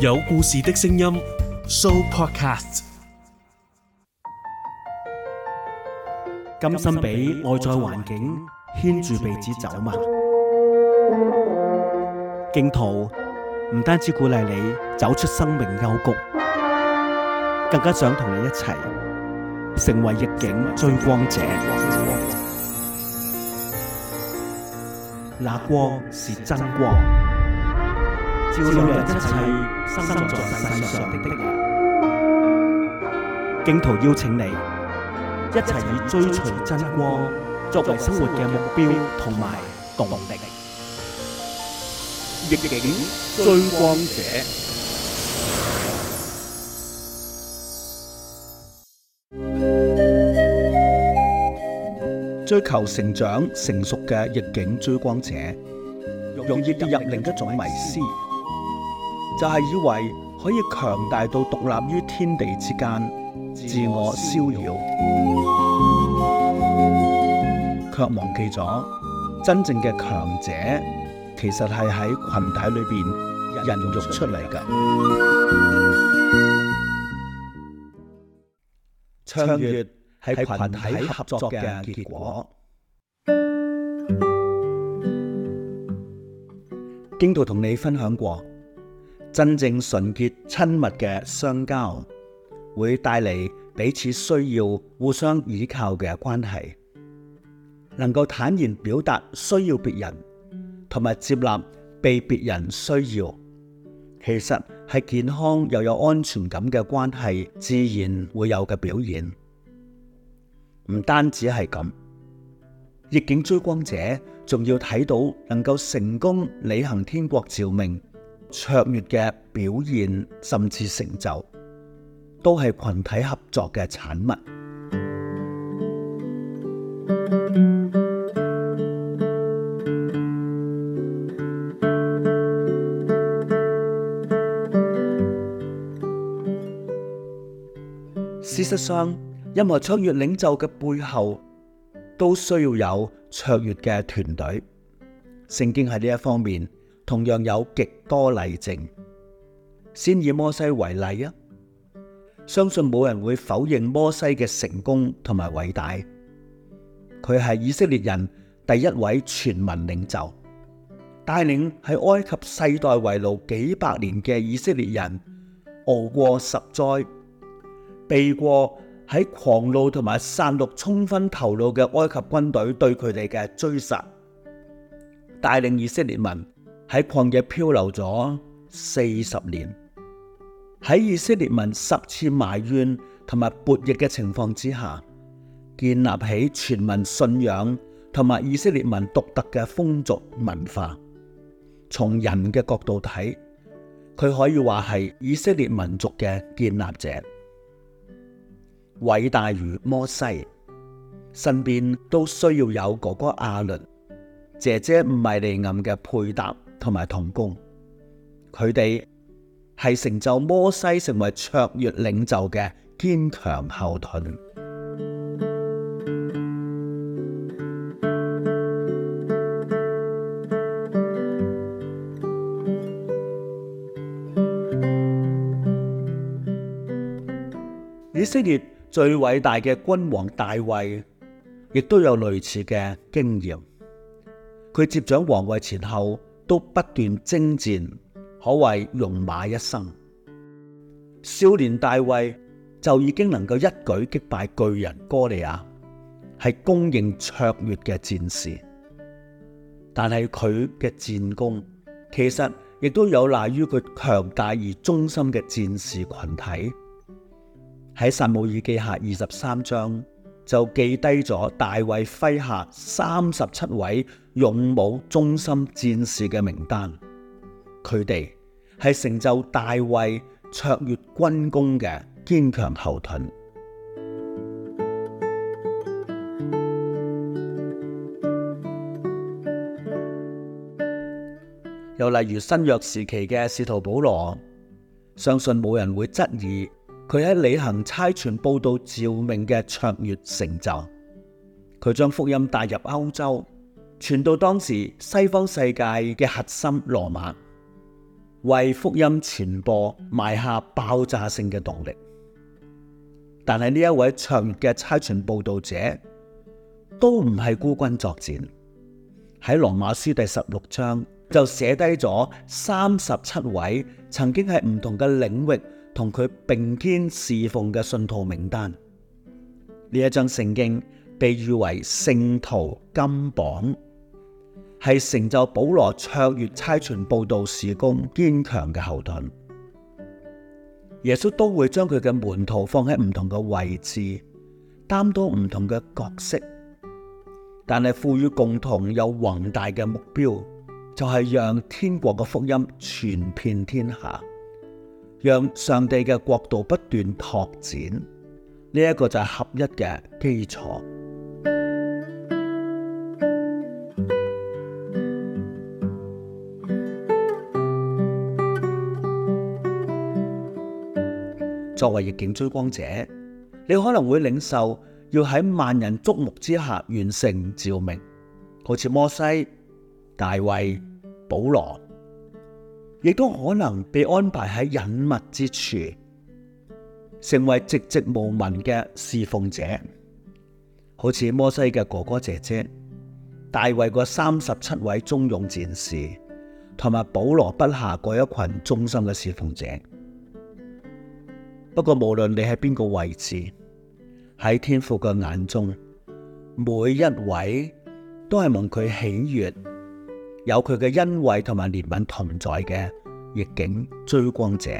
有故事的聲音，Sooopodcast。甘心俾外在環境牽住鼻子走嘛？荊徒唔單止鼓勵你走出生命幽谷，更加想同你一齊成為逆境追光者。那光是真光。照亮一切生在世上的的人，荊徒邀請你一齊以追隨真光作為生活嘅目標同埋動力。逆境追光者，追求成長成熟嘅逆境追光者，容易跌入另一種迷思。就係、是、以為可以強大到獨立於天地之間，自我逍遙，我逍遙卻忘記咗真正嘅強者其實係喺群體裏邊孕育出嚟嘅，卓越係群體合作嘅結果。荊徒同你分享過。真正純潔、親密嘅相交，會帶嚟彼此需要、互相依靠嘅關係，能夠坦然表達需要別人，同埋接納被別人需要，其實係健康又有安全感嘅關係，自然會有嘅表現。唔單止係咁，逆境追光者仲要睇到能夠成功履行天國召命。卓越嘅表現，甚至成就，都係群體合作嘅產物。事實上，任何卓越領袖嘅背後，都需要有卓越嘅團隊。聖經喺呢一方面。同樣有極多例證，先以摩西為例啊，相信冇人會否認摩西嘅成功同埋偉大。佢係以色列人第一位全民領袖，帶領喺埃及世代為奴幾百年嘅以色列人，熬過十災，避過喺狂怒同埋殺戮、衝昏頭腦嘅埃及軍隊對佢哋嘅追殺，帶領以色列民。喺曠野漂流咗四十年，喺以色列民十次埋怨同埋叛逆嘅情況之下，建立起全民信仰同埋以色列民獨特嘅風俗文化。從人嘅角度睇，佢可以話係以色列民族嘅建立者，偉大如摩西，身邊都需要有哥哥亞倫、姐姐米利暗嘅配搭。和同埋同工，佢哋係成就摩西成為卓越領袖嘅堅強後盾。以色列最偉大嘅君王大衛，亦都有類似嘅經驗。佢接掌皇位前後。都不斷征戰，可謂戎馬一生。少年大衛就已經能夠一舉擊敗巨人歌利亞，係公認卓越嘅戰士。但係佢嘅戰功，其實亦都有賴於佢強大而忠心嘅戰士群體。喺撒母耳記下二十三章。就記低咗大衛麾下三十七位勇武忠心戰士嘅名單，佢哋係成就大衛卓越軍功嘅堅強後盾。又例如新約時期嘅使徒保羅，相信冇人會質疑。佢喺履行差傳報道召命嘅卓越成就，佢將福音帶入歐洲，傳到當時西方世界嘅核心羅馬，為福音傳播埋下爆炸性嘅動力。但係呢一位卓越嘅差傳報道者，都唔係孤軍作戰。喺羅馬書第十六章就寫低咗三十七位曾經喺唔同嘅領域同佢並肩侍奉嘅信徒名單，呢一張聖經被譽為聖徒金榜，係成就保羅卓越差傳報道事工堅強嘅後盾。耶穌都會將佢嘅門徒放喺唔同嘅位置，擔當唔同嘅角色，但係賦予共同有宏大嘅目標，就係、是、讓天國嘅福音傳遍天下。讓上帝嘅國度不斷拓展，呢一個就係合一嘅基礎。作為逆境追光者，你可能會領受要喺萬人矚目之下完成召命，好似摩西、大衛、保羅，亦都可能被安排喺隱密之處，成為寂寂無聞嘅侍奉者，好似摩西嘅哥哥姐姐、大衛個三十七位忠勇戰士，同埋保羅筆下嗰一群忠心嘅侍奉者。不過無論你喺邊個位置，喺天父嘅眼中，每一位都係蒙佢喜悅。有佢嘅恩惠同埋憐憫同在嘅逆境追光者。